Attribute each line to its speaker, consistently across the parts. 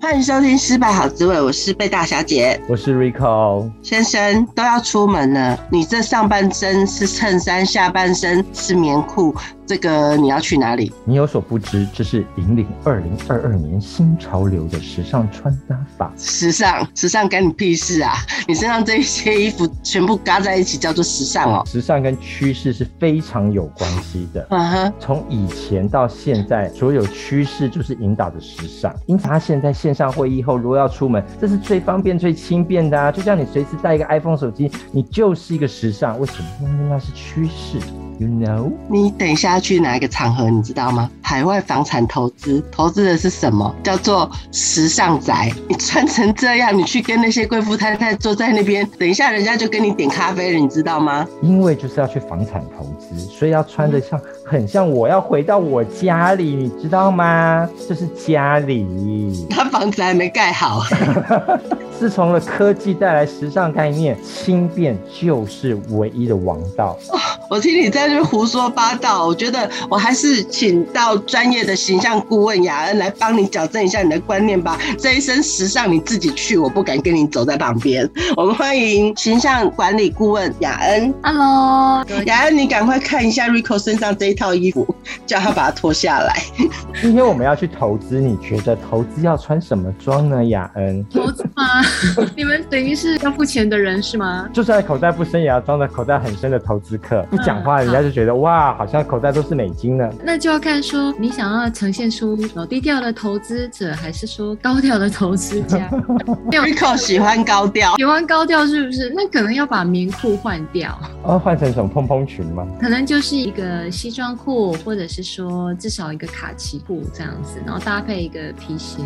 Speaker 1: 歡迎收聽《失敗好滋味》，我是貝大小姐，我是 Rico 先生，都要出門了，你這上半身是襯衫，下半身是棉褲。這個你要去哪裡？
Speaker 2: 你有所不知，這是引領二零二二年新潮流的時尚穿搭法。
Speaker 1: 時尚，時尚，關你屁事啊！你身上這一些衣服全部嘎在一起，叫做時尚哦、嗯。時
Speaker 2: 尚跟趨勢是非常有關係的。啊從以前到現在，所有趨勢就是引導的時尚。因此，他現在線上會議後，如果要出門，這是最方便、最輕便的啊！就像你隨時帶一個 iPhone 手機，你就是一個時尚。為什麼？因為那是趨勢。
Speaker 1: You know? 你等一下要去哪一個場合，你知道嗎？海外房產投資，投資的是什麼？叫做時尚宅。你穿成這樣，你去跟那些貴婦太太坐在那邊，等一下人家就跟你點咖啡了，你知道嗎？
Speaker 2: 因為就是要去房產投資，所以要穿得像。嗯。很像我要回到我家裡，你知道嗎？這是家裡。
Speaker 1: 他房子還沒蓋好 。
Speaker 2: 自從了科技帶來時尚概念，輕便就是唯一的王道。
Speaker 1: 哦，我聽你在這胡說八道，我覺得我還是請到專業的形象顧問雅恩來幫你矯正一下你的觀念吧。這一身時尚你自己去，我不敢跟你走在旁邊。我們歡迎形象管理顧問雅恩。Hello，雅恩，你趕快看一下 Rico 身上這一。套衣服，叫他把它脫下來。
Speaker 2: 今 天我們要去投資，你覺得投資要穿什麼裝呢？雅恩，投
Speaker 3: 資嗎？ 你們等於是要付錢的人是嗎？
Speaker 2: 就算口袋不深，也要裝着口袋很深的投資客。不講話、嗯，人家就覺得哇，好像口袋都是美金呢。
Speaker 3: 那就要看說，你想要呈現出老低調的投資者，還是說高調的投資家？ Rico 喜歡高調，喜歡高調是不是？那可能要把棉褲換掉，
Speaker 2: 啊、哦，換成什麼蓬蓬裙嗎？
Speaker 3: 可能就是一個西裝。褲或者是說至少一個卡其褲這樣子，然後搭配一個皮鞋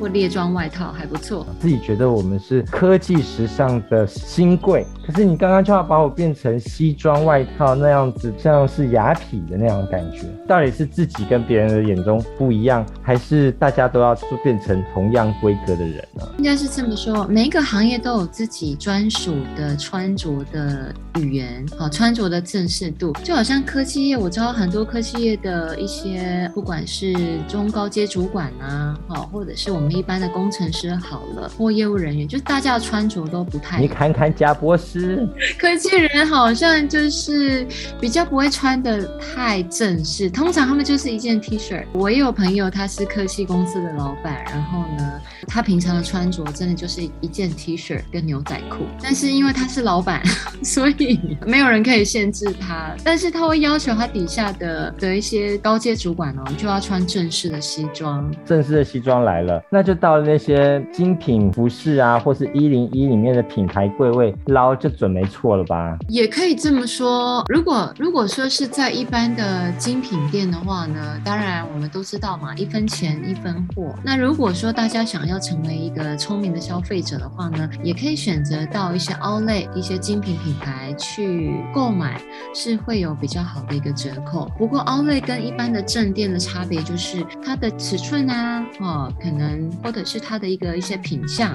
Speaker 3: 或獵裝外套還不錯。
Speaker 2: 自己覺得我們是科技時尚的新貴，可是你剛剛就要把我變成西裝外套那樣子，像是雅痞的那種感覺。到底是自己跟別人的眼中不一樣，還是大家都要變成同樣規格的人呢？啊？應
Speaker 3: 該是這麼說，每一個行業都有自己專屬的穿着的語言，好，穿着的正式度，就好像科技業，我知道很。很多科技業的一些，不管是中高階主管啊，好，或者是我們一般的工程師好了，或業務人員，就大家的穿着都不太……你
Speaker 2: 看看賈伯斯，
Speaker 3: 科技人好像就是比較不會穿得太正式，通常他們就是一件 T 恤。我也有朋友，他是科技公司的老板，然後呢，他平常的穿着真的就是一件 T 恤跟牛仔褲，但是因為他是老板，所以沒有人可以限制他，但是他會要求他底下。的的一些高階主管哦，就要穿正式的西裝。
Speaker 2: 正式的西裝來了，那就到了那些精品服飾啊，或是101裡面的品牌櫃位撈就準沒錯了吧？
Speaker 3: 也可以這麼說，如果如果說是在一般的精品店的話呢，當然我們都知道嘛，一分錢一分貨。那如果說大家想要成為一個聰明的消費者的話呢，也可以選擇到一些 Outlet 一些精品品牌去購買，是會有比較好的一個折扣。不過奧萊跟一般的正店的差別就是它的尺寸啊，哦，可能或者是它的一個一些品項，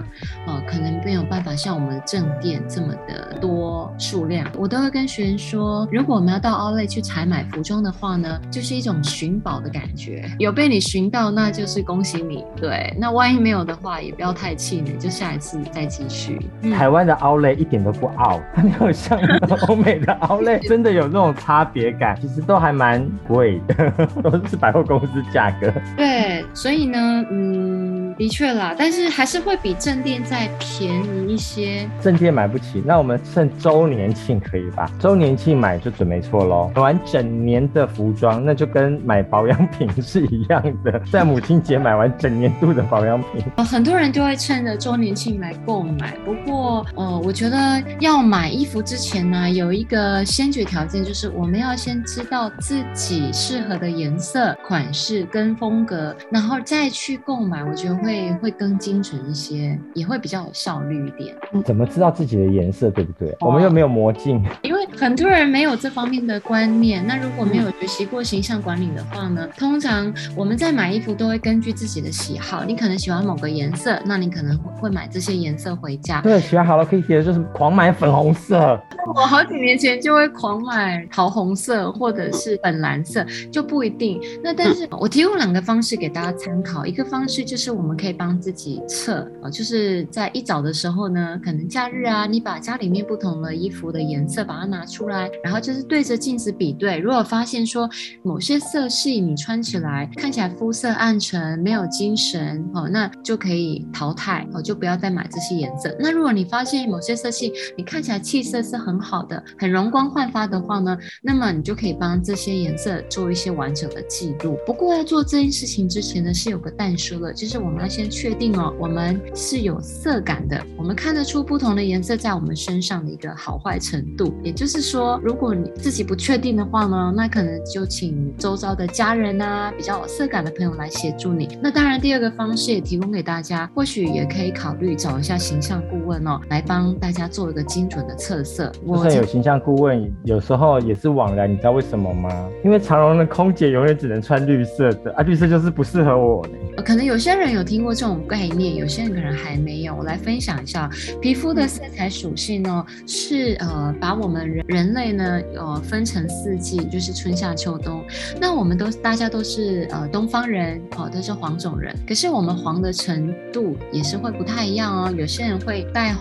Speaker 3: 哦，可能沒有辦法像我們正店這麼的多數量。我都會跟學員說，如果我們要到奧萊去採買服裝的話呢，就是一種尋寶的感覺，有被你尋到，那就是恭喜你。對，那萬一沒有的話，也不要太氣餒，你就下一次再繼續。嗯、台
Speaker 2: 灣的奧萊一點都不傲，它沒有像歐美的奧萊，真的有那種差別感。 其實都還。還蠻貴的， 都是百貨公司價格。
Speaker 3: 對，所以呢，嗯。的確啦，但是還是會比正店再便宜一些。
Speaker 2: 正店買不起，那我們趁週年慶可以吧？週年慶買就準沒錯嘍。買完整年的服裝，那就跟買保養品是一樣的。在母親節買完整年度的保養品，
Speaker 3: 很多人都會趁着週年慶來購買。不過，呃，我覺得要買衣服之前呢、啊，有一個先決條件，就是我們要先知道自己適合的顏色、款式跟風格，然後再去購買。我覺得。會會更精準一些，也會比較有效率一點。
Speaker 2: 怎麼知道自己的顏色對不對？我們又沒有魔鏡。
Speaker 3: 因為很多人沒有這方面的觀念。那如果沒有學習過形象管理的話呢？通常我們在買衣服都會根據自己的喜好。你可能喜歡某個顏色，那你可能會買這些顏色回家。對，
Speaker 2: 喜歡 Hello Kitty 的就是狂買粉紅色。
Speaker 3: 我好幾年前就會狂買桃紅色或者是粉藍色，就不一定。那但是我提供兩個方式給大家參考。一個方式就是我們。我們可以幫自己測啊，就是在一早的時候呢，可能假日啊，你把家裡面不同的衣服的顏色把它拿出來，然後就是對着鏡子比對。如果發現說某些色系你穿起來看起來膚色暗沉，沒有精神，哦，那就可以淘汰哦，就不要再買這些顏色。那如果你發現某些色系你看起來氣色是很好的、很容光煥發的話呢，那麼你就可以幫這些顏色做一些完整的記錄。不過在做這件事情之前呢，是有個但書的，就是我們。那先確定哦，我們是有色感的，我們看得出不同的顏色在我們身上的一個好壞程度。也就是說，如果你自己不確定的話呢，那可能就請周遭的家人啊，比較有色感的朋友來協助你。那當然，第二個方式也提供給大家，或許也可以考慮找一下形象顧問哦，來幫大家做一個精準的測色。就算有
Speaker 2: 形象顧問，有時候也是枉然。你知道為什麼嗎？因為長榮的空姐永遠只能穿綠色的啊，綠色就是不適合我。
Speaker 3: 可能有些人有聽過這種概念，有些人可能還沒有。我來分享一下，皮膚的色彩屬性呢，是呃，把我們人人類呢，呃，分成四季，就是春夏秋冬。那我們都大家都是呃東方人，哦，都是黃種人。可是我們黃的程度也是會不太一樣哦。有些人會帶紅，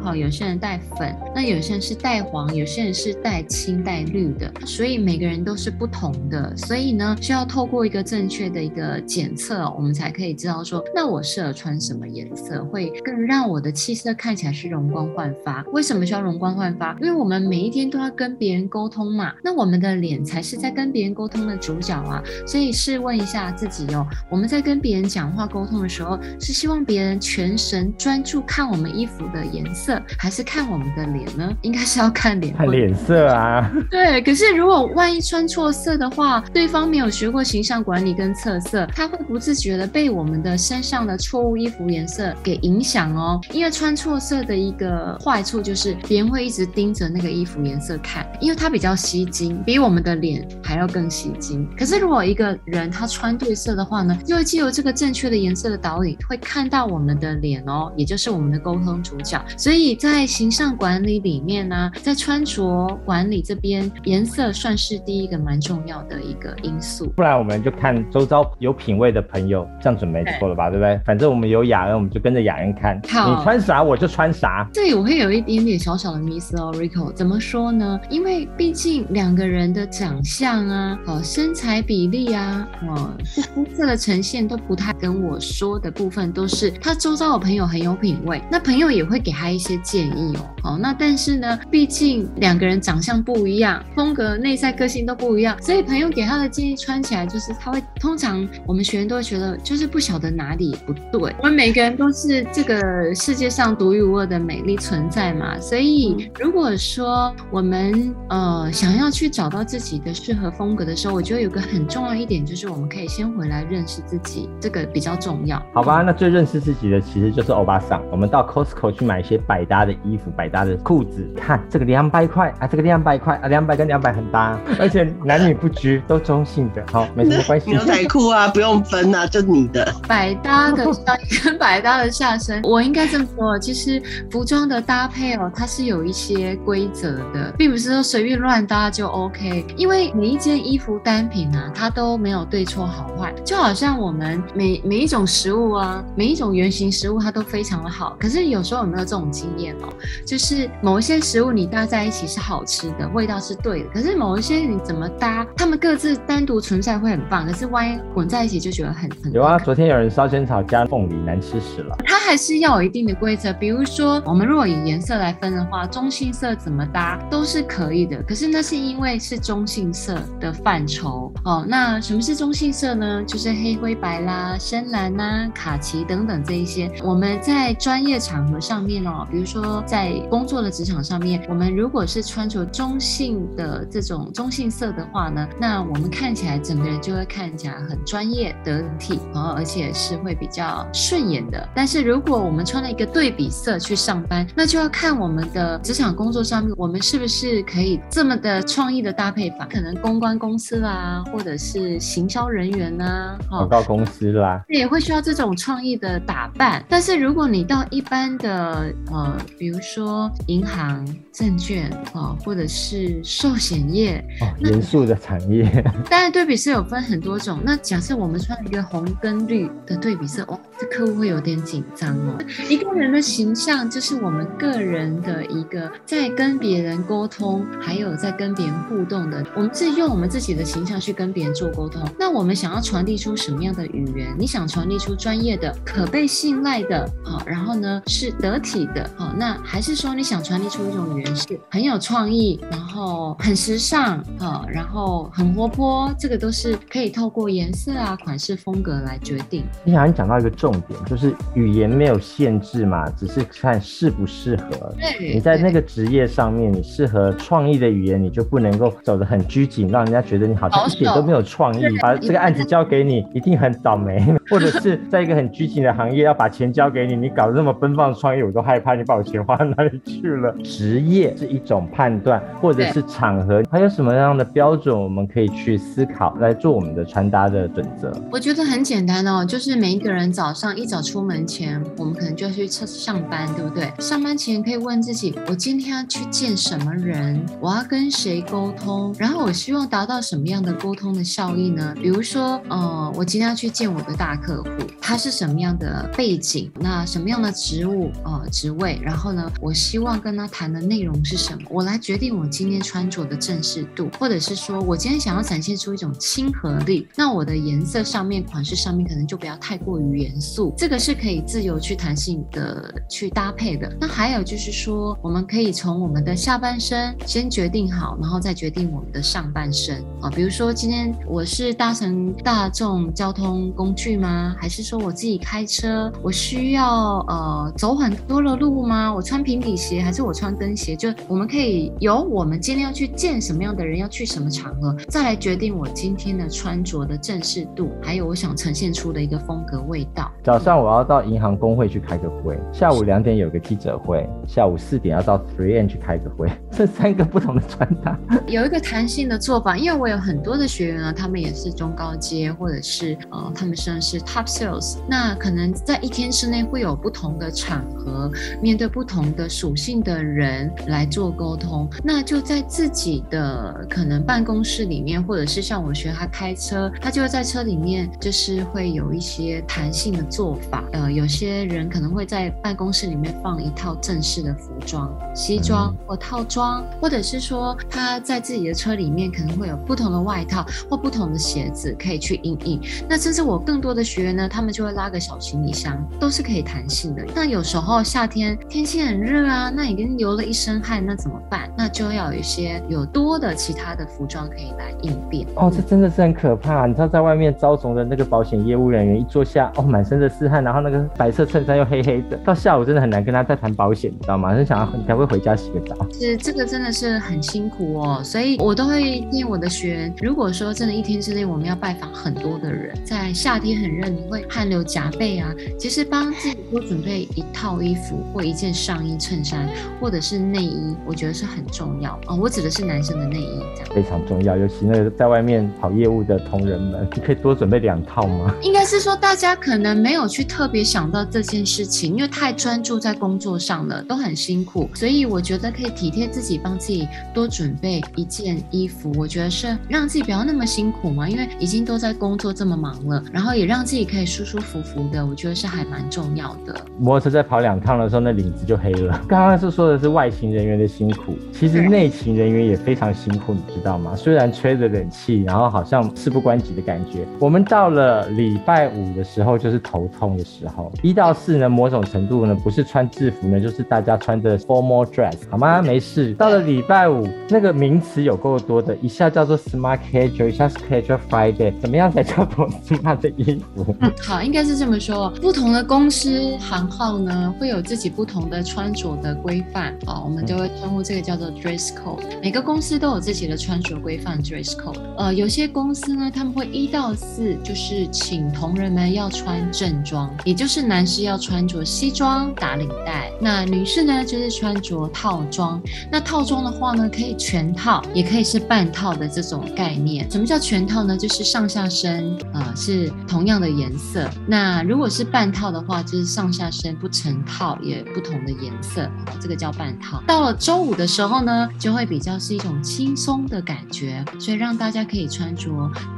Speaker 3: 好，哦，有些人帶粉，那有些人是帶黃，有些人是帶青帶綠的。所以每個人都是不同的，所以呢，需要透過一個正確的一個檢測，我們。才可以知道說，那我適合穿什麼顏色會更讓我的氣色看起來是容光煥發？為什麼需要容光煥發？因為我們每一天都要跟別人溝通嘛，那我們的臉才是在跟別人溝通的主角啊。所以試問一下自己哦，我們在跟別人講話溝通的時候，是希望別人全神專注看我們衣服的顏色，還是看我們的臉呢？應該是要看臉，看臉色啊。對，可是如果萬一穿錯色的話，對方沒有學過形象管理跟測色，他會不自覺。被我們的身上的錯誤衣服顏色給影響哦，因為穿錯色的一個壞處就是別人會一直盯着那個衣服顏色看，因為它比較吸睛，比我們的臉還要更吸睛。可是如果一個人他穿對色的話呢，就會借由這個正確的顏色的導引，會看到我們的臉哦，也就是我們的溝通主角。所以在形象管理裡面呢，啊，在穿着管理這邊，顏色算是第一個蠻重要的一
Speaker 2: 個因素。不然我們就看周遭有品味的朋友。這樣準沒錯了吧，對不對？反正我們有雅恩，我們就跟着雅恩看。好，你穿啥我就穿啥。
Speaker 3: 對，我會有一點點小小的迷思哦，Rico。怎麼說呢？因為畢竟兩個人的長相啊、哦，身材比例啊，哦，膚色的呈現都不太。跟我說的部分都是他周遭的朋友很有品味，那朋友也會給他一些建議哦。好、哦，那但是呢，畢竟兩個人長相不一樣，風格、內在、個性都不一樣，所以朋友給他的建議穿起來就是他會通常我們學員都會覺得。就是不曉得哪裡不對。我們每個人都是這個世界上獨一無二的美麗存在嘛，所以如果說我們呃想要去找到自己的適合風格的時候，我覺得有個很重要一點就是我們可以先回來認識自己，這個比較重要。好
Speaker 2: 吧，那最認識自己的其實就是歐巴桑。我們到 Costco 去買一些百搭的衣服、百搭的褲子，看這個兩百塊啊，這個兩百塊啊，兩百跟兩百很搭，而且男女不拘 都中性的，好、哦，沒什麼關係、嗯。牛仔
Speaker 1: 褲啊，不用分吶、啊，就。你的
Speaker 3: 百搭的上衣跟百搭的下身，我應該這麼說，其實服裝的搭配哦，它是有一些規則的，並不是說隨便亂搭就 OK。因為每一件衣服單品啊，它都沒有對錯好壞，就好像我們每每一種食物啊，每一種原型食物，它都非常的好。可是有時候有沒有這種經驗哦？就是某一些食物你搭在一起是好吃的，味道是對的。可是某一些你怎麼搭，它們各自單獨存在會很棒，可是萬一混在一起就覺得很
Speaker 2: 很。有啊，昨天有人燒仙草加鳳梨，難吃死了。
Speaker 3: 還是要有一定的規則，比如說我們如果以顏色來分的話，中性色怎麼搭都是可以的。可是那是因為是中性色的範疇哦。那什麼是中性色呢？就是黑灰白啦、深藍啦、卡其等等這一些。我們在專業場合上面哦，比如說在工作的職場上面，我們如果是穿着中性的這種中性色的話呢，那我們看起來整個人就會看起來很專業得體，然後，哦，而且是會比較順眼的。但是如如果我們穿了一個對比色去上班，那就要看我們的職場工作上面，我們是不是可以這麼的創意的搭配法？可能公關公司啦、啊，或者是行銷人員呢、啊，哈、哦，廣
Speaker 2: 告公司啦，
Speaker 3: 也會需要這種創意的打扮。但是如果你到一般的呃，比如說銀行、證券啊、哦，或者是壽險業，
Speaker 2: 哦、嚴肅的產業，
Speaker 3: 當 然對比色有分很多種。那假設我們穿一個紅跟綠的對比色哦。這客戶會有點緊張哦。一個人的形象就是我們個人的一個在跟別人溝通，還有在跟別人互動的。我們是用我們自己的形象去跟別人做溝通。那我們想要傳遞出什麼樣的語言？你想傳遞出專業的、可被信賴的，好，然後呢是得體的，好，那還是說你想傳遞出一種語言是很有創意，然後很時尚，好，然後很活潑，這個都是可以透過顏色啊、款式風格來決定。
Speaker 2: 你想講到一個重。重點就是語言沒有限制嘛，只是看適不適合，對。對，你在那個職業上面，你適合創意的語言，你就不能夠走得很拘謹，讓人家覺得你好像一點都沒有創意，把這個案子交給你，一定很倒霉。 或者是在一個很拘謹的行業，要把錢交給你，你搞得這麼奔放創意，我都害怕你把我錢花到哪裡去了。職業是一種判斷，或者是場合，還有什麼樣的標準，我們可以去思考來做我們的穿搭的準則？
Speaker 3: 我覺得很簡單哦，就是每一個人早上。上一早出門前，我們可能就要去上上班，對不對？上班前可以問自己：我今天要去見什麼人？我要跟誰溝通？然後我希望達到什麼樣的溝通的效益呢？比如說，呃，我今天要去見我的大客戶，他是什麼樣的背景？那什麼樣的職務，呃，職位？然後呢，我希望跟他談的內容是什麼？我來決定我今天穿着的正式度，或者是說我今天想要展現出一種親和力，那我的顏色上面、款式上面可能就不要太過於顏色。素這個是可以自由去彈性的去搭配的。那還有就是說，我們可以從我們的下半身先決定好，然後再決定我們的上半身啊、呃。比如說今天我是搭乘大眾交通工具嗎？還是說我自己開車？我需要呃走很多的路嗎？我穿平底鞋還是我穿跟鞋？就我們可以由我們今天要去見什麼樣的人，要去什麼場合，再來決定我今天的穿着的正式度，還有我想呈現出的一個風格味道。
Speaker 2: 早上我要到銀行工會去開個會，下午兩點有個記者會，下午四點要到 Three N 去開個會，這
Speaker 1: 三個不同的
Speaker 3: 穿搭。有一個彈性的做法，因為我有很多的學員啊，他們也是中高階，或者是呃，他們算是 Top Sales，那可能在一天之內會有不同的場合，面對不同的屬性的人來做溝通，那就在自己的可能辦公室裡面，或者是像我學他開車，他就會在車裡面，就是會有一些彈性的。做法，呃，有些人可能會在辦公室裡面放一套正式的服裝，西裝或套裝，或者是說他在自己的車裡面可能會有不同的外套或不同的鞋子可以去因應。那甚至我更多的學員呢，他們就會拉個小行李箱，都是可以彈性的。那有時候夏天天氣很熱啊，那已經流了一身汗，那怎麼辦？那就要有一些有多的其他的服裝可以來
Speaker 2: 應變。哦，嗯。這真的是很可怕。你知道在外面招蟲的那個保險業務人員一坐下，哦，滿身。真的是汗，然後那個白色襯衫又黑黑的，到下午真的很難跟他再談保險，你知道嗎？就想要趕快回家洗個澡。嗯、
Speaker 3: 是這個真的是很辛苦哦，所以我都會念我的學員，如果說真的一天之內我們要拜訪很多的人，在夏天很熱，你會汗流浹背啊。其實幫自己多準備一套衣服或一件上衣、襯衫或者是內衣，我覺得是很重要啊、哦。我指的是男生的
Speaker 2: 內衣這樣，非常重要，尤其那個在外面跑業務的同仁們，你可以多準備兩套嗎？
Speaker 3: 應該是說大家可能沒。沒有去特別想到這件事情，因為太專注在工作上了，都很辛苦，所以我覺得可以體貼自己，幫自己多準備一件衣服。我覺得是讓自己不要那麼辛苦嘛，因為已經都在工作這麼忙了，然後也讓自己可以舒舒服服的。我覺得是還蠻重要的。
Speaker 2: 摩托車在跑兩趟的時候，那領子就黑了。 剛剛是說的是外勤人員的辛苦，其實內勤人員也非常辛苦，你知道嗎？雖然吹着冷氣，然後好像事不關己的感覺。我們到了禮拜五的時候，就是溝通的時候，一到四呢，某種程度呢，不是穿制服呢，就是大家穿的 formal dress，好嗎？沒事。到了禮拜五，那個名詞有夠多的，一下叫做 smart casual，一下 casual Friday，怎麼樣才叫做 smart 的衣服？
Speaker 3: 嗯，好，應該是這麼說。不同的公司行號呢，會有自己不同的穿着的規範啊，我們都會稱呼這個叫做 dress code。每個公司都有自己的穿着規範 dress code。呃，有些公司呢，他們會一到四，就是請同仁們要穿正。正裝，也就是男士要穿着西裝打領帶，那女士呢就是穿着套裝。那套裝的話呢，可以全套，也可以是半套的這種概念。什麼叫全套呢？就是上下身啊、呃、是同樣的顏色。那如果是半套的話，就是上下身不成套，也不同的顏色、呃。這個叫半套。到了周五的時候呢，就會比較是一種輕鬆的感覺，所以讓大家可以穿着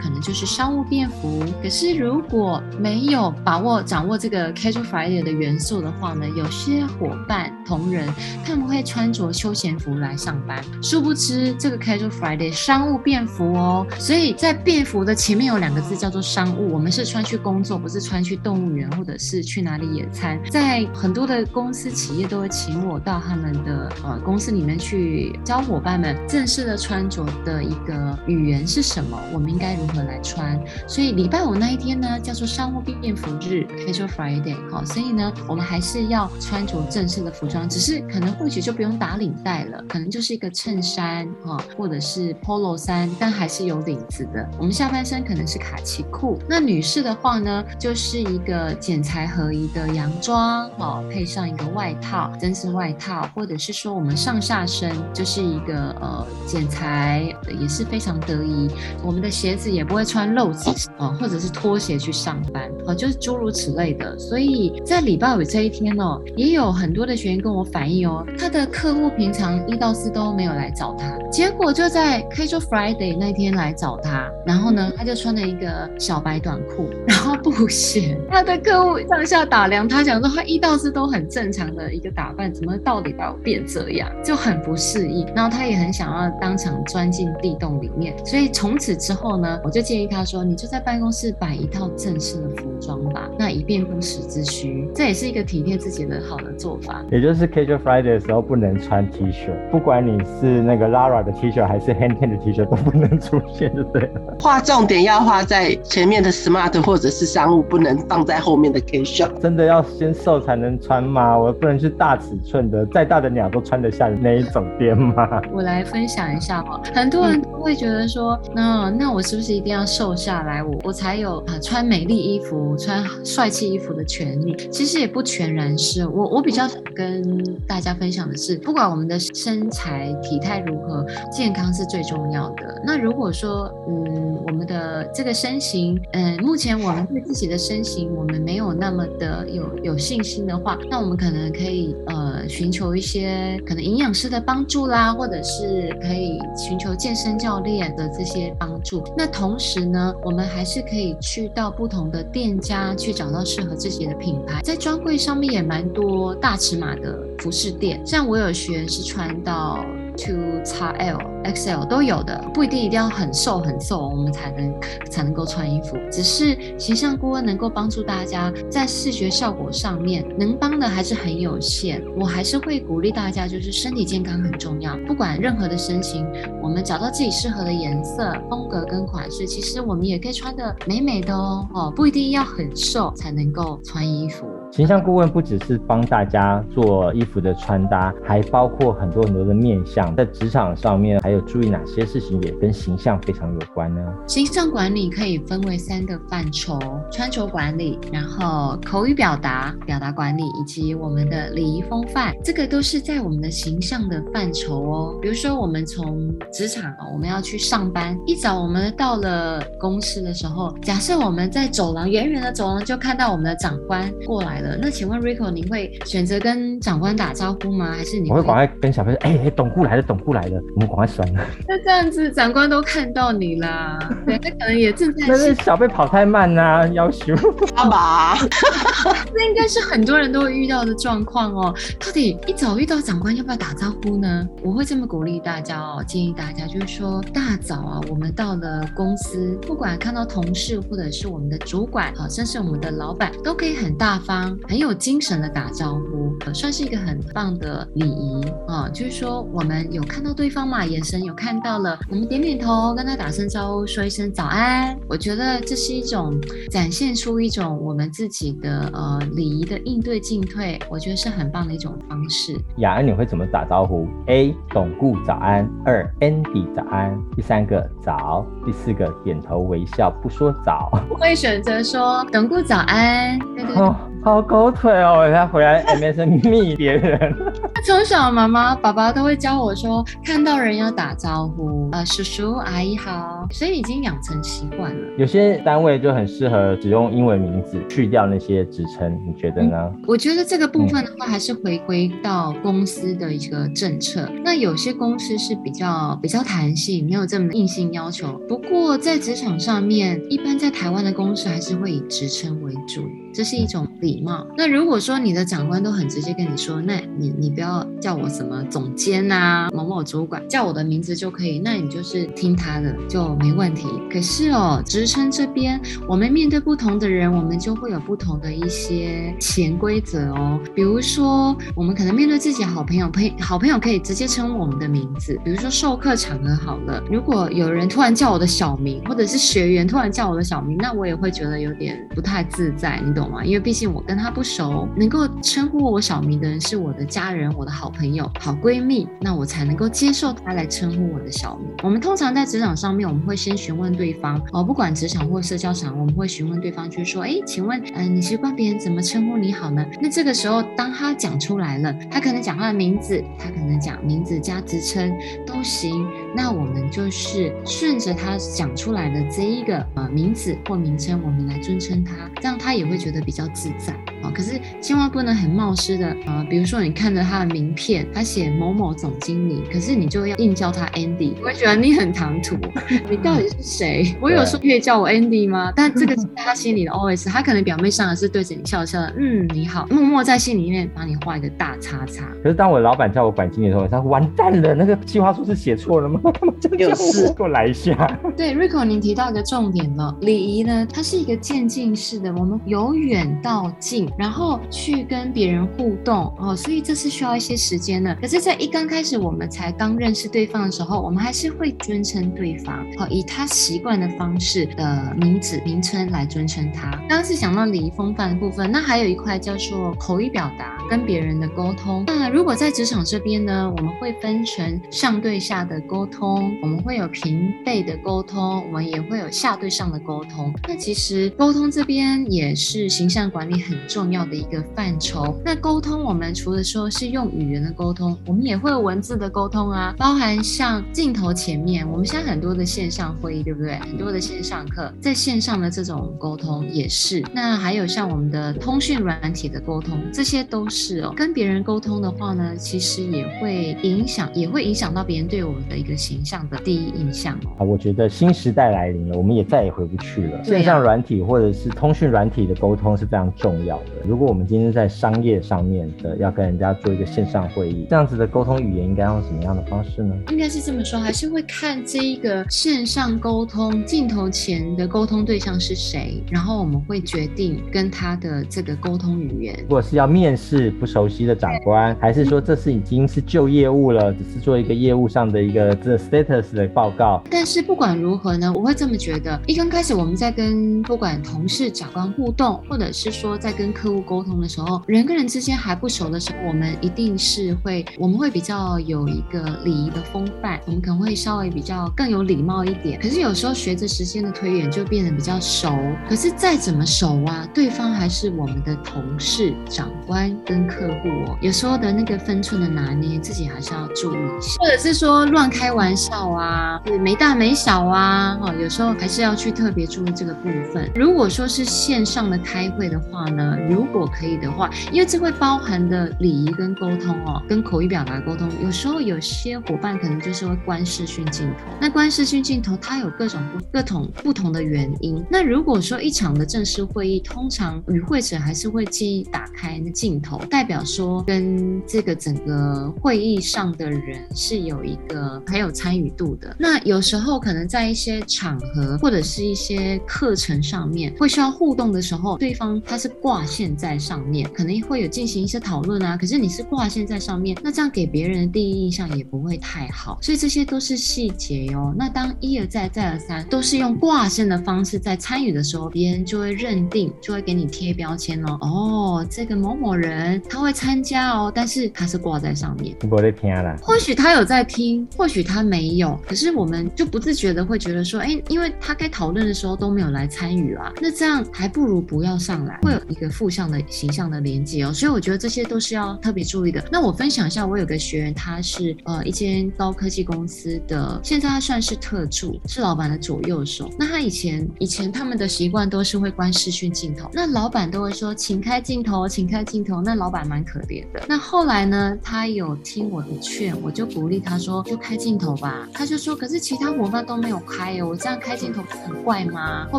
Speaker 3: 可能就是商務便服。可是如果沒有把掌握掌握這個 Casual Friday 的元素的話呢，有些夥伴同仁他們會穿着休閒服來上班，殊不知這個 Casual Friday 商務便服哦，所以在便服的前面有兩個字叫做商務，我們是穿去工作，不是穿去動物園或者是去哪裡野餐。在很多的公司企業都會請我到他們的呃公司裡面去教夥伴們正式的穿着的一個語言是什麼，我們應該如何來穿。所以禮拜五那一天呢，叫做商務便便服是 Casual Friday 哈、哦，所以呢，我們還是要穿着正式的服裝，只是可能或許就不用打領帶了，可能就是一個襯衫、哦、或者是 Polo 衫，但還是有領子的。我們下半身可能是卡其褲。那女士的話呢，就是一個剪裁合宜的洋裝、哦、配上一個外套，針織外套，或者是說我們上下身就是一個呃剪裁也是非常得宜。我們的鞋子也不會穿露趾、哦、或者是拖鞋去上班、哦、就是主。如此類的，所以在禮拜五這一天哦，也有很多的學員跟我反映哦，他的客戶平常一到四都沒有來找他，結果就在 Casual Friday 那天來找他，然後呢，他就穿了一個小白短褲，然後不行。他的客戶上下打量他，想說他一到四都很正常的一個打扮，怎麼到禮拜五變這樣，就很不適應。然後他也很想要當場鑽進地洞裡面。所以從此之後呢，我就建議他說，你就在辦公室擺一套正式的服裝吧。那以備不時之需，這也是一個體貼自己的好的做法。
Speaker 2: 也就是 Casual Friday 的時候不能穿 T 恤，不管你是那個 Lara 的 T 恤還是 Hang Ten 的 T 恤，都不能出現，對不對？
Speaker 1: 畫重點要畫在前面的 smart 或者是商務，不能放在後面的 casual。真的要先瘦才能穿嗎？我不能去大
Speaker 2: 尺寸的、再大的鳥都穿得下的那一種店嗎？
Speaker 3: 我來分享一下哦，很多人都會覺得說，嗯、那那我是不是一定要瘦下來，我我才有啊穿美麗衣服穿帥氣衣服的權利，其實也不全然是我。我比較想跟大家分享的是，不管我們的身材體態如何，健康是最重要的。那如果說，嗯，我們的這個身形，嗯、呃，目前我們對自己的身形，我們沒有那麼的有有信心的話，那我們可能可以呃尋求一些可能營養師的幫助啦，或者是可以尋求健身教練的這些幫助。那同時呢，我們還是可以去到不同的店家。去找到適合自己的品牌，在專櫃上面也蠻多大尺碼的服飾店，像我有學員是穿到 to XL XL 都有的，不一定一定要很瘦很瘦，我們才能才能夠穿衣服。只是形象顧問能夠幫助大家在視覺效果上面能幫的還是很有限。我還是會鼓勵大家，就是身體健康很重要。不管任何的身形，我們找到自己適合的顏色、風格跟款式，其實我們也可以穿得美美的哦。哦，不一定要很瘦才能夠穿衣服。
Speaker 2: 形象顧問不只是幫大家做衣服的穿搭，還包括很多很多的面向，在職場上面還有注意哪些事情也跟形象非常有關呢、啊？
Speaker 3: 形象管理可以分為三個範疇：穿着管理，然後口語表達、表達管理，以及我們的禮儀風範。這個都是在我們的形象的範疇哦。比如說，我們從職場，我們要去上班，一早我們到了公司的時候，假設我們在走廊，遠遠的走廊就看到我們的長官過來。那請問 Rico，你會選擇跟長官打招呼嗎？還是你會趕快
Speaker 2: 跟小貝說，哎、欸欸，董庫來的，董庫來的，我們趕快穿。那
Speaker 3: 這樣子，長官都看到你了， 對，那可能也正
Speaker 2: 在。那是小貝跑太慢啦、啊，要
Speaker 1: 求。
Speaker 3: 阿爸， 這應該是很多人都遇到的狀況哦。到底一早遇到長官要不要打招呼呢？我會這麼鼓勵大家哦，建議大家就是說，大早啊，我們到了公司，不管看到同事或者是我們的主管，好像是我們的老闆，都可以很大方，很有精神的打招呼，呃、算是一個很棒的禮儀啊。就是說，我們有看到對方嘛，眼神有看到了，我們點點頭，跟他打聲招呼，說一聲早安。我覺得這是一種展現出一種我們自己的呃禮儀的應對進退，我覺得是很棒的一種
Speaker 2: 方式。雅、啊、安，你會怎麼打招呼？A. 董顧早安。二，安迪早安。第三個早。第四個點頭微笑，不說早。
Speaker 1: 我 會選擇說
Speaker 3: 董顧早安。對
Speaker 2: 對對 oh. 好狗腿哦！他回來 MSN 變成密別人 。
Speaker 3: 從小媽媽、爸爸都會教我說，看到人要打招呼，呃、叔叔阿姨好，所以已經養成習慣了。
Speaker 2: 有些單位就很適合只用英文名字，去掉那些職稱，你覺得呢、嗯？
Speaker 3: 我覺得這個部分的話，還是回歸到公司的一個政策。嗯、那有些公司是比較比較彈性，沒有這麼硬性要求。不過在職場上面，一般在台灣的公司還是會以職稱為主，這是一種。嗯禮貌。那如果說你的長官都很直接跟你說，那你你不要叫我什麼總監吶、啊、某某主管，叫我的名字就可以。那你就是聽他的就沒問題。可是哦，職稱這邊，我們面對不同的人，我們就會有不同的一些潛規則哦。比如說，我們可能面對自己好朋友，朋好朋友可以直接稱我們的名字。比如說授課場合好了，如果有人突然叫我的小名，或者是學員突然叫我的小名，那我也會覺得有點不太自在，你懂嗎？因為畢竟我。跟他不熟，能夠稱呼我小名的人是我的家人、我的好朋友、好閨蜜，那我才能夠接受他來稱呼我的小名。我們通常在職場上面，我們會先詢問對方哦，不管職場或社交場，我們會詢問對方，就是說，哎，請問，嗯、呃，你習慣別人怎麼稱呼你好呢？那這個時候，當他講出來了，他可能講他的名字，他可能講名字加職稱都行。那我們就是順着他講出來的這一個呃名字或名稱，我們來尊稱他，這樣他也會覺得比較自在啊、哦。可是千萬不能很冒失的啊、呃，比如說你看着他的名片，他寫某某總經理，可是你就要硬叫他 Andy，我會覺得你很唐突， 你到底是誰？我有說可以叫我 Andy 嗎？但這個是他心裡的 OS，他可能表面上是對着你笑笑的，嗯，你好，默默在心裡面把你畫一個大叉
Speaker 2: 叉。可是當我老闆叫我管經理的時候，我說完蛋了，那個計劃書是寫錯了嗎？就 是過來一下。
Speaker 3: 對，Rico，您提到一個重點了，禮儀呢，它是一個漸進式的，我們由遠到近，然後去跟別人互動哦，所以這是需要一些時間的。可是，在一剛開始，我們才剛認識對方的時候，我們還是會尊稱對方哦，以他習慣的方式的名字名稱來尊稱他。剛剛是講到禮儀風範的部分，那還有一塊叫做口語表達，跟別人的溝通。那如果在職場這邊呢，我們會分成上對下的溝。通，我們會有平輩的溝通，我們也會有下對上的溝通。那其實溝通這邊也是形象管理很重要的一個範疇。那溝通，我們除了說是用語言的溝通，我們也會有文字的溝通啊，包含像鏡頭前面，我們現在很多的線上會議，對不對？很多的線上課，在線上的這種溝通也是。那還有像我們的通訊軟體的溝通，這些都是哦，跟別人溝通的話呢，其實也會影響，也會影響到別人對我們的一個。形象的第一印
Speaker 2: 象啊，我覺得新時代來臨了，我們也再也回不去了。啊、線上軟體或者是通訊軟體的溝通是非常重要的。如果我們今天在商業上面的要跟人家做一個線上會議，嗯、這樣子的溝通語言應該用什麼樣的方式呢？
Speaker 3: 應該是這麼說，還是會看這一個線上溝通鏡頭前的溝通對象是誰，然後我們會決定跟他的這個溝通語言。
Speaker 2: 如果是要面試不熟悉的長官，還是說這是已經是舊業務了，嗯，只是做一個業務上的一個。status 的報告，
Speaker 3: 但是不管如何呢，我會這麼覺得。一剛開始我們在跟不管同事、長官互動，或者是說在跟客戶溝通的時候，人跟人之間還不熟的時候，我們一定是會，我們會比較有一個禮儀的風範，我們可能會稍微比較更有禮貌一點。可是有時候隨着時間的推移推演，就變得比較熟。可是再怎麼熟啊，對方還是我們的同事、長官跟客戶哦。有時候的那個分寸的拿捏，自己還是要注意一下，或者是說亂開玩笑。玩笑啊，沒大沒小啊，哦，有時候還是要去特別注意這個部分。如果說是線上的開會的話呢，如果可以的話，因為這會包含的禮儀跟溝通哦，跟口語表達溝通，有時候有些伙伴可能就是會關視訊鏡頭。那關視訊鏡頭，它有各種各種不同的原因。那如果說一場的正式會議，通常與會者還是會建議打開那鏡頭，代表說跟這個整個會議上的人是有一個還有。參與度的，那有時候可能在一些場合或者是一些課程上面會需要互動的時候，對方他是掛線在上面，可能會有進行一些討論啊。可是你是掛線在上面，那這樣給別人的第一印象也不會太好。所以這些都是細節哦。那當一而再再而三都是用掛線的方式在參與的時候，別人就會認定，就會給你貼標籤哦。哦，這個某某人他會參加哦，但是他是掛在上面。
Speaker 2: 你沒在聽啊。或
Speaker 3: 許他有在聽，或許他。他沒有，可是我們就不自覺的會覺得說，哎，因為他該討論的時候都沒有來參與啊，那這樣還不如不要上來，會有一個負向的形象的連接哦。所以我覺得這些都是要特別注意的。那我分享一下，我有個學員，他是呃一間高科技公司的，現在他算是特助，是老板的左右手。那他以前，以前他們的習慣都是會關視訊鏡頭，那老板都會說，請開鏡頭，請開鏡頭。那老板蠻可憐的。那後來呢，他有聽我的勸，我就鼓勵他說，就開鏡頭。吧，他就說，可是其他夥伴都沒有開哦，我這樣開鏡頭很怪嗎？會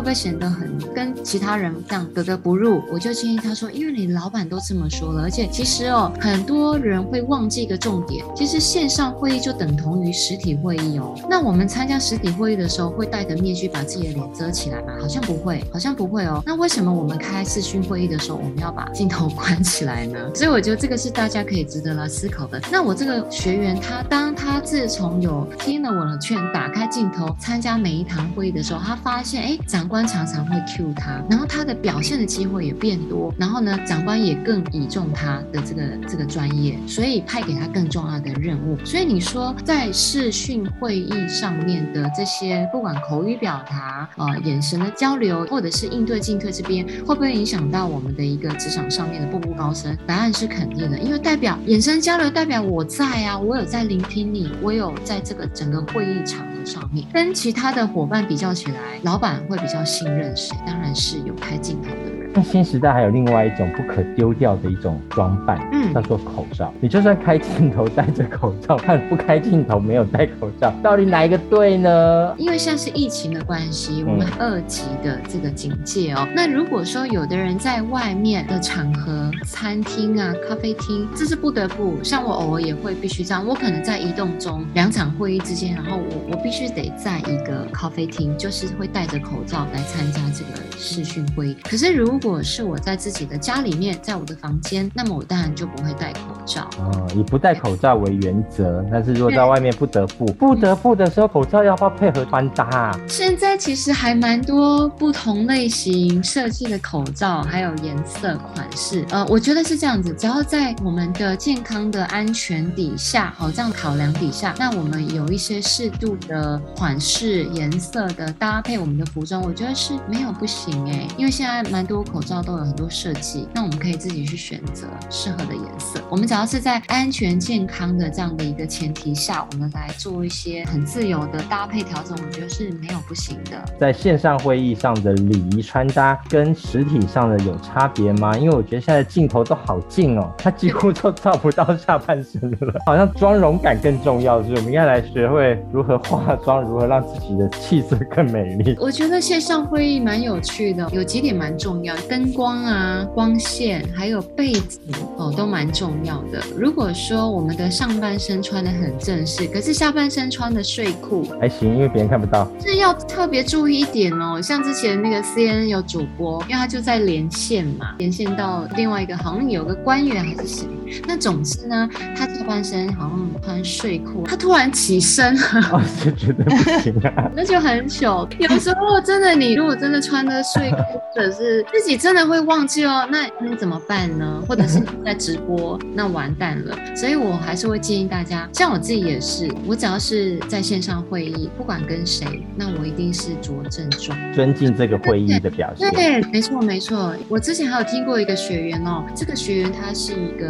Speaker 3: 不會顯得很跟其他人這樣格格不入？我就建議他說，因為你老闆都這麼說了，而且其實哦，很多人會忘記一個重點，其實線上會議就等同於實體會議哦。那我們參加實體會議的時候，會戴着面具把自己的臉遮起來嗎？好像不會，好像不會哦。那為什麼我們開視訊會議的時候，我們要把鏡頭關起來呢？所以我覺得這個是大家可以值得來思考的。那我這個學員，他當他自從有聽了我的勸，打開鏡頭參加每一堂會議的時候，他發現哎，長官常常會 cue 他，然後他的表現的機會也變多，然後呢，長官也更倚重他的這個這個專業，所以派給他更重要的任務。所以你說在視訊會議上面的這些，不管口語表達啊、呃、眼神的交流，或者是應對進退這邊，會不會影響到我們的一個職場上面的步步高升？答案是肯定的，因為代表眼神交流代表我在啊，我有在聆聽你，我有在。這個整個會議場合上面，跟其他的夥伴比較起來，老闆會比較信任誰？當然是有開鏡頭的人。
Speaker 2: 那新時代，還有另外一種不可丟掉的一種裝扮，嗯，叫做口罩。你就算開鏡頭戴着口罩，但不開鏡頭沒有戴口罩，到底哪一個對呢？
Speaker 3: 因為像是疫情的關係，我們二級的這個警戒哦。那如果說有的人在外面的場合，餐廳啊、咖啡廳，這是不得不，像我偶爾也會必須這樣。我可能在移動中，兩場會議之間，然後我我必須得在一個咖啡廳，就是會戴着口罩來參加這個視訊會議。可是如果如果是我在自己的家裡面，在我的房間，那麼我當然就不會戴口罩。啊、嗯，
Speaker 2: 以不戴口罩為原則，但是若在外面不得不、Okay. 不得不的時候，口罩要不要配合穿搭、啊？
Speaker 3: 現在其實還蠻多不同類型設計的口罩，還有顏色款式。呃，我覺得是這樣子，只要在我們的健康、的安全底下，好，這樣考量底下，那我們有一些適度的款式、顏色的搭配，我們的服裝，我覺得是沒有不行誒、欸，因為現在蠻多。口罩都有很多設計，那我們可以自己去選擇適合的顏色。我們只要是在安全健康的這樣的一個前提下，我們來做一些很自由的搭配調整，我覺得是沒有不行的。
Speaker 2: 在線上會議上的禮儀穿搭跟實體上的有差別嗎？因為我覺得現在鏡頭都好近哦，它幾乎都照不到下半身了，好像妝容感更重要。所以我們應該來學會如何化妝，如何讓自己的氣色更美麗。
Speaker 3: 我覺得線上會議蠻有趣的，有幾點蠻重要。燈光啊，光線還有背景哦，都蠻重要的。如果說我們的上半身穿的很正式，可是下半身穿的睡褲，
Speaker 2: 還行，因為別人看不到。就
Speaker 3: 是要特別注意一點哦，像之前那個 C N 有主播，因為他就在連線嘛，連線到另外一個好像有個官員還是誰，那總之呢，他下半身好像穿睡褲，他突然起身了，我
Speaker 1: 就覺得不行、
Speaker 3: 啊， 那就很糗。有時候真的，你如果真的穿的睡褲，或者是自己。你真的會忘記哦？那你怎麼辦呢？或者是你在直播，那完蛋了。所以我還是會建議大家，像我自己也是，我只要是在線上會議，不管跟誰，那我一定是着正裝，
Speaker 2: 尊敬這個會議的表現。對，
Speaker 3: 對沒錯沒錯。我之前還有聽過一個學員哦、喔，這個學員他是一個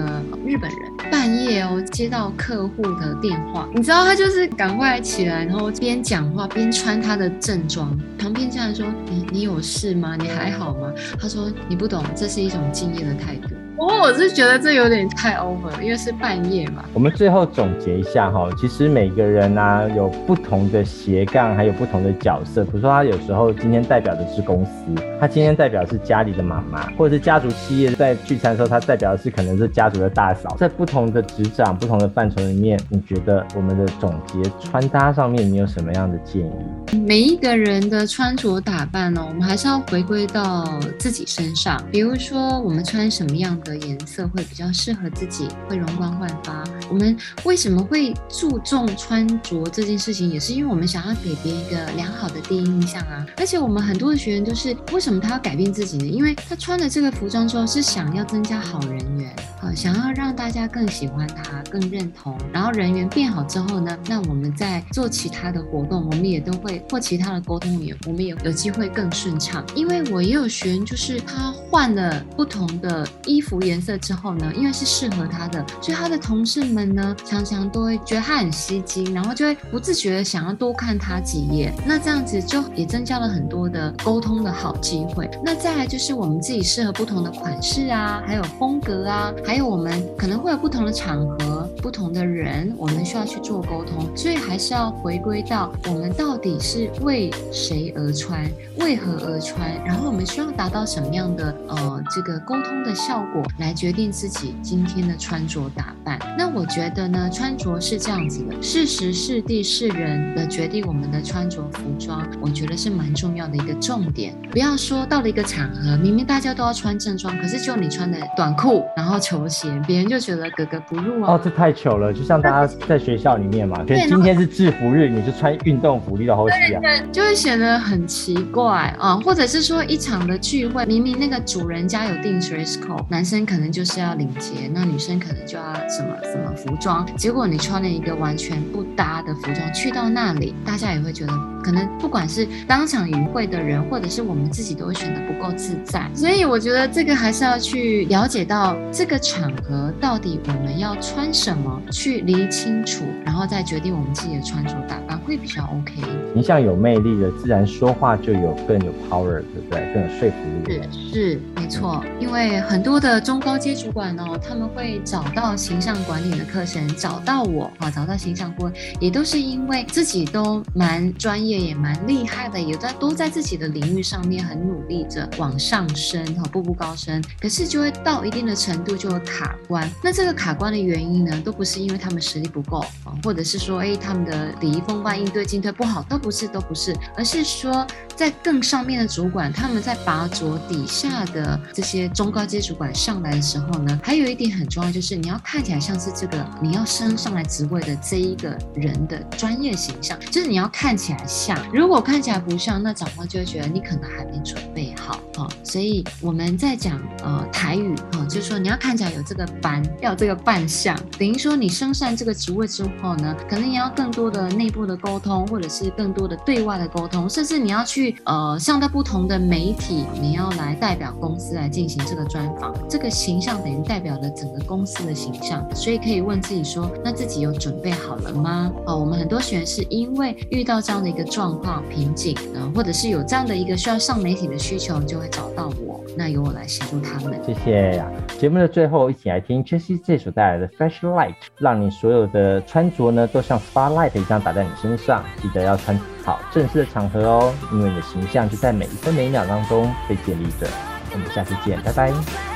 Speaker 3: 日本人，半夜哦、喔、接到客戶的電話，你知道他就是趕快起來，然後邊講話邊穿他的正裝，旁邊這樣說：“你、欸、你有事嗎？你還好嗎？”說你不懂，這是一種敬業的態度。不過我是覺得這有點太 over 了，因為是半夜
Speaker 2: 嘛。我們最後總結一下哈，其實每個人呢、啊、有不同的斜槓，還有不同的角色。比如說他有時候今天代表的是公司，他今天代表的是家裡的媽媽，或者是家族企業，在聚餐的時候他代表的是可能是家族的大嫂。在不同的職掌、不同的範疇裡面，你覺得我們的總結穿搭上面你有，有什麼樣的建議？
Speaker 3: 每一個人的穿着打扮呢，我們還是要回歸到自己身上。比如說我們穿什麼樣的？顏色會比較適合自己，會容光煥發。我們為什麼會注重穿着這件事情，也是因為我們想要給別人一個良好的第一印象啊。而且我們很多的學員都是，為什麼他要改變自己呢？因為他穿了這個服裝之後，是想要增加好人緣，呃，想要讓大家更喜歡他，更認同。然後人緣變好之後呢，那我們在做其他的活動，我們也都會或其他的溝通也，我們也有機會更順暢。因為我也有學員，就是他換了不同的衣服。塗顏色之後呢，因為是適合他的，所以他的同事們呢，常常都會覺得他很吸睛，然後就會不自覺的想要多看他幾眼。那這樣子就也增加了很多的溝通的好機會。那再來就是我們自己適合不同的款式啊，還有風格啊，還有我們可能會有不同的場合。不同的人，我們需要去做溝通，所以還是要回歸到我們到底是為誰而穿，為何而穿，然後我們需要達到什麼樣的呃這個溝通的效果，來決定自己今天的穿着打扮。那我覺得呢，穿着是這樣子的，是時是地是人的決定我們的穿着服裝，我覺得是蠻重要的一個重點。不要說到了一個場合，明明大家都要穿正裝，可是就你穿的短褲，然後球鞋，別人就覺得格格不入哦。
Speaker 2: 哦這太久了，就像大家在學校裡面嘛，對，今天是制服日，你就穿運動服、啊、好動
Speaker 3: 啊就會顯得很奇怪啊。或者是說，一場的聚會，明明那個主人家有訂 dress code，男生可能就是要領結，那女生可能就要什麼什麼服裝，結果你穿了一個完全不搭的服裝，去到那裡，大家也會覺得，可能不管是當場與會的人，或者是我們自己，都會顯得不夠自在。所以我覺得這個還是要去了解到這個場合到底我們要穿什麼。去理清楚，然後再決定我們自己的穿着打扮會比較 OK。
Speaker 2: 形象有魅力的，自然說話就有更有 power，對不對？更有說服力的。是
Speaker 3: 是，沒錯。因為很多的中高階主管呢、哦，他們會找到形象管理的課程，找到我啊，找到形象顧問，也都是因為自己都蠻專業，也蠻厲害的，也都在都在自己的領域上面很努力着往上升，哈，步步高升。可是就會到一定的程度就會卡關。那這個卡關的原因呢，都。不是因為他們實力不夠啊，或者是說，哎，他們的禮儀風範、應對進退不好，都不是，都不是，而是說。在更上面的主管，他們在拔着底下的這些中高階主管上來的時候呢，還有一點很重要，就是你要看起來像是這個你要升上來職位的這一個人的專業形象，就是你要看起來像。如果看起來不像，那長官就會覺得你可能還沒準備好。哈、哦，所以我們在講呃台語哈、哦，就是說你要看起來有這個扮，要有這個扮相，等於說你升上這個職位之後呢，可能你要更多的內部的溝通，或者是更多的對外的溝通，甚至你要去。呃，上到不同的媒體，你要來代表公司來進行這個專訪，這個形象等於代表着整個公司的形象，所以可以問自己說，那自己有準備好了嗎？啊、哦，我們很多學員是因為遇到這樣的一個狀況瓶頸，啊、呃，或者是有這樣的一個需要上媒體的需求，你就會找到我。
Speaker 2: 那由我來協助他們。謝謝呀。節目的最後，一起來聽 Jessie J 所帶來的 Flashlight，讓你所有的穿着呢都像 Spotlight 一樣打在你身上。記得要穿好正式的場合哦，因為你的形象就在每一分每一秒當中被建立着。我們下次見，拜拜。